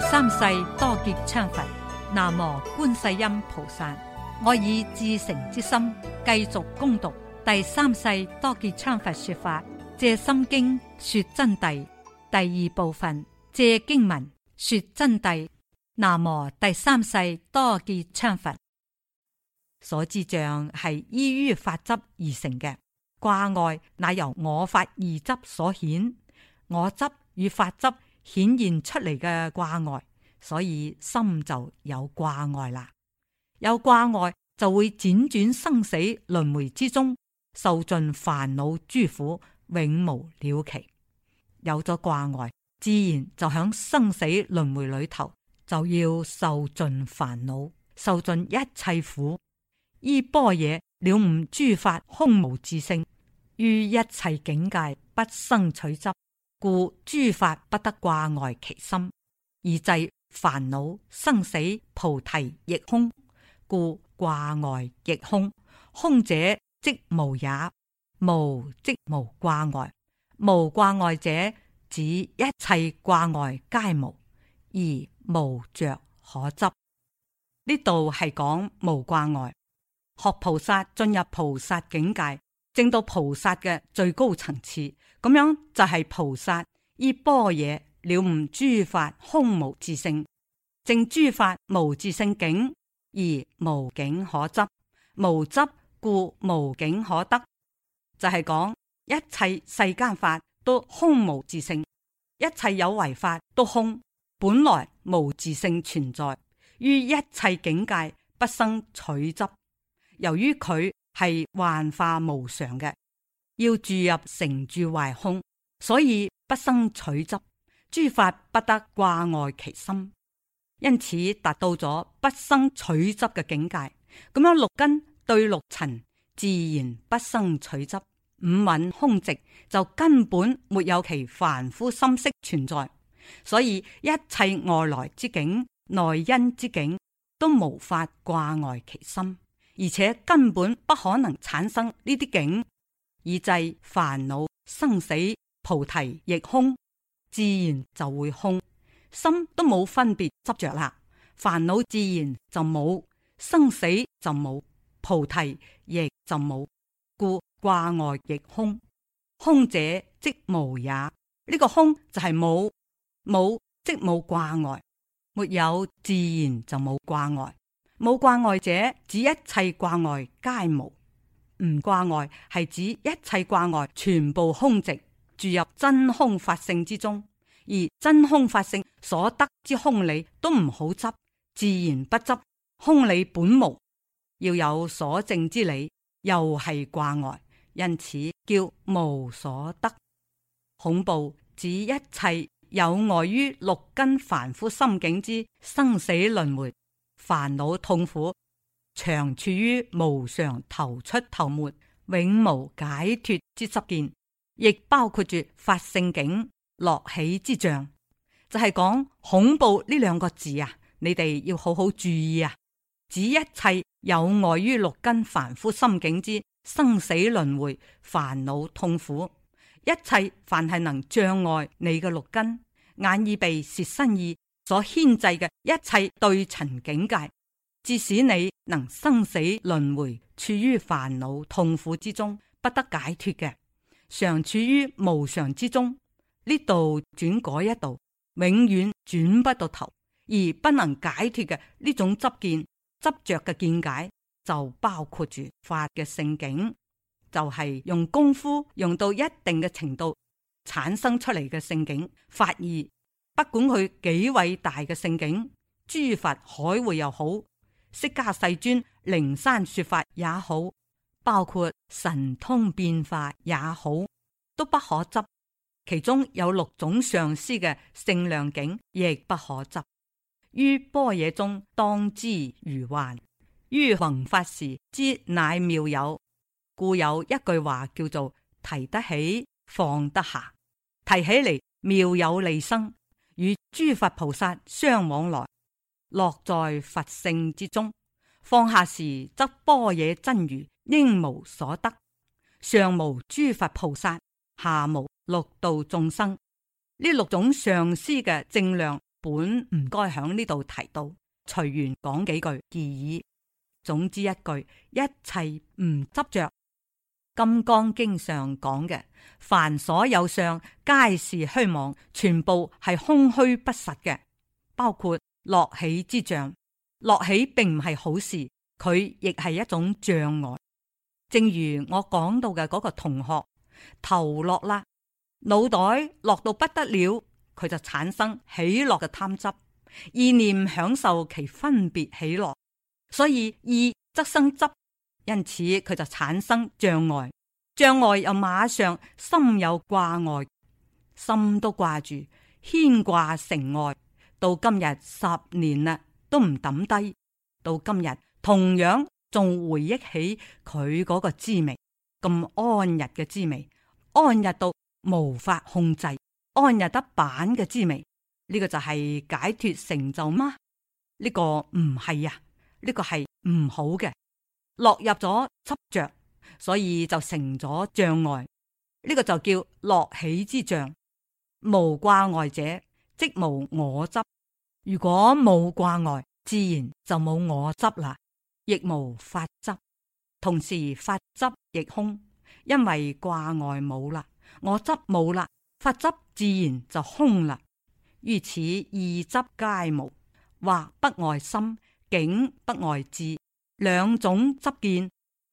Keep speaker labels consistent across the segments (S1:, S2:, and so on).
S1: 第三世多杰羌佛，南無觀世音菩薩。我以至誠之心，繼續攻讀第三世多杰羌佛說法《借心經》說真諦第二部分《借經文說真諦》，南無第三世多杰羌佛。所知障係依於法執而成嘅，掛礙乃由我法二執所顯，我執與法執。顯現出嚟嘅掛礙，所以心就有掛礙啦。有掛礙就會輾轉生死輪迴之中，受盡煩惱諸苦，永無了期。有咗掛礙，自然就響生死輪迴裏頭就要受盡煩惱，受盡一切苦。依般若了悟諸法空無自性，於一切境界不生取執。故諸法不得掛礙其心，而制煩惱生死菩提亦空，故掛礙亦空。空者即無也，無即無掛礙，無掛礙者，指一切掛礙皆無，而無着可執。呢度係講無掛礙，學菩薩進入菩薩境界，正到菩薩嘅最高層次。咁樣就係菩薩依般若了悟諸法空無自性，正諸法無自性境而無境可執，無執故無境可得，就係、是、講一切世間法都空無自性，一切有為法都空，本來無自性存在於一切境界不生取執，由於佢係幻化無常嘅。要注入成住壞空，所以不生取執，諸法不得掛礙其心，因此達到咗不生取執嘅境界。咁樣六根對六塵，自然不生取執，五蘊空寂，就根本沒有其凡夫心識存在，所以一切外來之境、內因之境都無法掛礙其心，而且根本不可能產生呢啲境。以制煩惱、生死、菩提亦空，自然就會空，心都冇分別執着啦，煩惱自然就冇，生死就冇，菩提亦就冇，故掛礙亦空。空者即無也，呢、這個空就係冇，冇即冇掛礙，沒有自然就冇掛礙，冇掛礙者，指一切掛礙皆無。唔掛礙，係指一切掛礙全部空寂，住入真空法性之中，而真空法性所得之空理都唔好執，自然不執，空理本無，要有所證之理，又係掛礙，因此叫無所得。恐怖指一切有礙於六根凡夫心境之生死輪迴、煩惱痛苦。長處於無常頭出頭沒，永無解脱之執見，亦包括住法性境、樂喜之象。就係、是、講恐怖呢兩個字啊，你哋要好好注意啊！指一切有礙於六根凡夫心境之生死輪迴、煩惱痛苦，一切凡係能障礙你嘅六根眼耳鼻舌身意所牽制嘅一切對塵境界。致使你能生死輪迴，處於煩惱痛苦之中，不得解脫嘅，常處於無常之中，呢度轉嗰一度，永遠轉不到頭，而不能解脫嘅呢種執見、執着嘅見解，就包括住法嘅聖境，就係、是、用功夫用到一定嘅程度產生出嚟嘅聖境。法二，不管佢幾偉大嘅聖境，諸佛海會又好。釋迦世尊靈山說法也好，包括神通變化也好，都不可執。其中有六種上師嘅聖量境亦不可執，於般若中當知如幻，於行法時知乃妙有。故有一句話叫做：提得起，放得下。提起嚟妙有利生，與諸佛菩薩相往來。落在佛性之中，放下時則般若真如，應無所得。上無諸佛菩薩，下無六道眾生。呢六種上師嘅正量本唔該響呢度提到，隨緣講幾句而已。總之一句，一切唔執着。金剛經上講嘅，凡所有相，皆是虛妄，全部係空虛不實嘅，包括。樂起之障，樂起並唔係好事，佢亦係一種障礙。正如我講到嘅嗰個同學，頭落啦，腦袋落到不得了，佢就產生喜樂嘅貪執，意念享受其分別喜樂，所以意則生執，因此佢就產生障礙，障礙又馬上心有掛礙，心都掛住，牽掛成愛。到今日十年啦，都唔抌低。到今日同樣仲回憶起佢嗰個滋味，咁安逸嘅滋味，安逸到無法控制，安逸得板嘅滋味。呢個就係解脫成就嗎？呢個唔係啊，呢個係唔好嘅，落入咗執着，所以就成咗障礙。呢個就叫樂喜之障，無掛礙者。即無我執，如果冇掛礙，自然就冇我執啦，亦無法執。同時，法執亦空，因為掛礙冇啦，我執冇啦，法執自然就空啦。於此二執皆無，惑不礙心，境不礙智，兩種執見，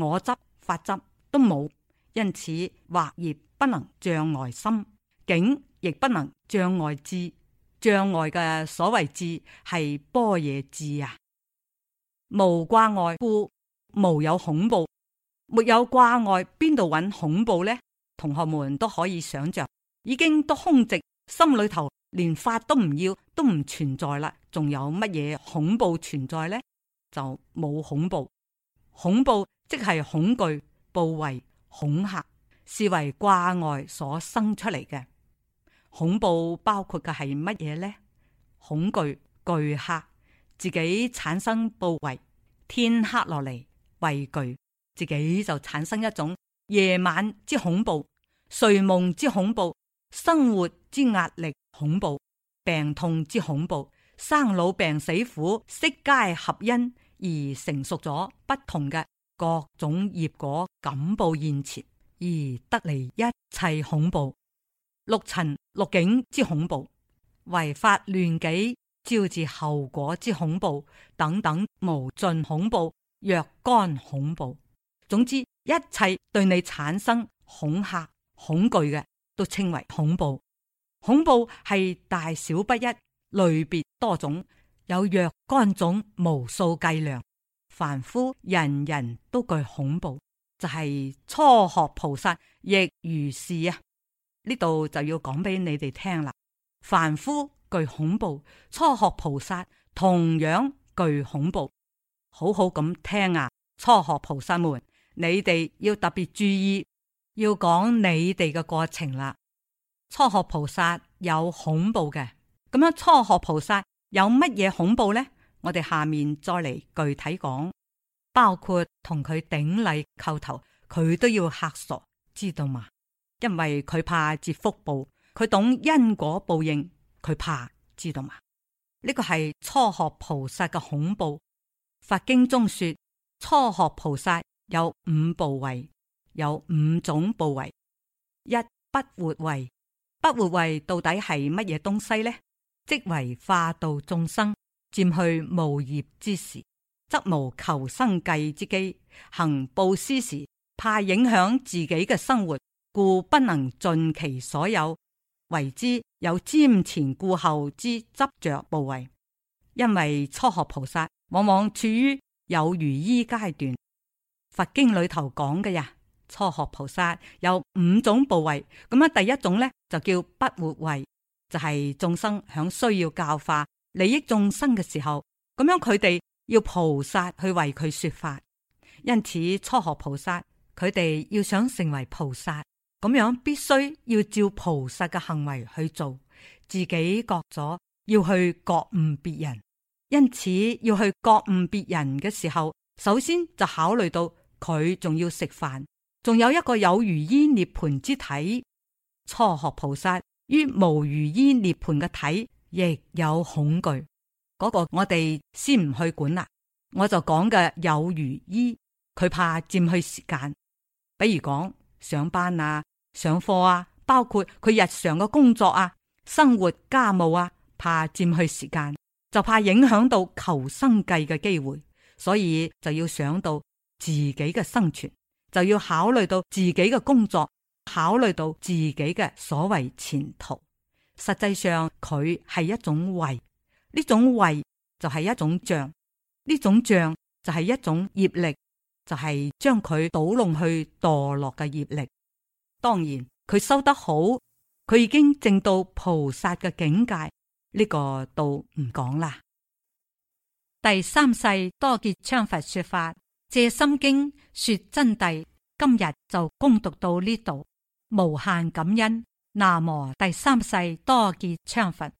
S1: 我執、法執都冇，因此惑業不能障礙心，境亦不能障礙智。障礙嘅所謂智係般若智啊，無掛礙故無有恐怖，沒有掛礙，邊度揾恐怖呢？同學們都可以想象，已經都空寂，心裏頭連法都唔要，都唔存在啦，仲有乜嘢恐怖存在呢？就冇恐怖，恐怖即係恐懼、怖畏、恐嚇，是為掛礙所生出嚟嘅。恐怖包括嘅係乜嘢呢？恐懼、懼黑，自己產生怖畏。天黑落嚟，畏懼自己就產生一種夜晚之恐怖、睡夢之恐怖、生活之壓力恐怖、病痛之恐怖。生老病死苦，悉皆合因而成熟咗不同嘅各種業果，感報現前而得嚟一切恐怖。六塵六境之恐怖，違法亂紀招致後果之恐怖，等等無盡恐怖，若干恐怖。總之，一切對你產生恐嚇恐懼嘅，都稱為恐怖。恐怖係大小不一，類別多種，有若干種無數計量。凡夫人人都懼恐怖，就係、是、初學菩薩亦如是啊。呢度就要講俾你哋聽啦，凡夫懼恐怖，初學菩薩同樣懼恐怖。好好咁聽啊，初學菩薩們，你哋要特別注意，要講你哋嘅過程啦。初學菩薩有恐怖嘅，咁樣初學菩薩有乜嘢恐怖呢？我哋下面再嚟具體講，包括同佢頂禮叩頭，佢都要嚇傻，知道嘛？因為佢怕接福報，佢懂因果報應，佢怕知道嘛？呢、這個係初學菩薩嘅恐怖。佛經中說，初學菩薩有五部位，有五種部位。一不活位，不活位到底係乜嘢東西呢？即為化度眾生，佔去無業之時，則無求生計之機，行布施時，怕影響自己嘅生活。故不能盡其所有為之，有瞻前顧後之執着部位。因為初學菩薩往往處於有如衣階段，佛經裏頭講嘅呀。初學菩薩有五種部位，咁樣第一種咧就叫不活位，就係、是、眾生響需要教化利益眾生嘅時候，咁樣佢哋要菩薩去為佢說法，因此初學菩薩佢哋要想成為菩薩。咁樣必須要照菩薩嘅行為去做，自己覺咗要去覺悟別人，因此要去覺悟別人嘅時候，首先就考慮到佢仲要食飯，仲有一個有餘依涅盤之體，初學菩薩於無餘依涅盤嘅體亦有恐懼。嗰、那個我哋先唔去管啦，我就講嘅有餘依，佢怕佔去時間，比如講。上班啊，上課啊，包括佢日常嘅工作啊、生活家務啊，怕佔去時間，就怕影響到求生計嘅機會，所以就要想到自己嘅生存，就要考慮到自己嘅工作，考慮到自己嘅所謂前途。實際上，佢係一種胃，呢種胃就係一種仗，呢種仗就係一種業力。就係將佢倒弄去墮落嘅業力，當然佢修得好，佢已經正到菩薩嘅境界，呢、這個都唔講啦。第三世多杰羌佛說法，藉心經說真諦，今日就恭讀到呢度，無限感恩。那麼第三世多杰羌佛。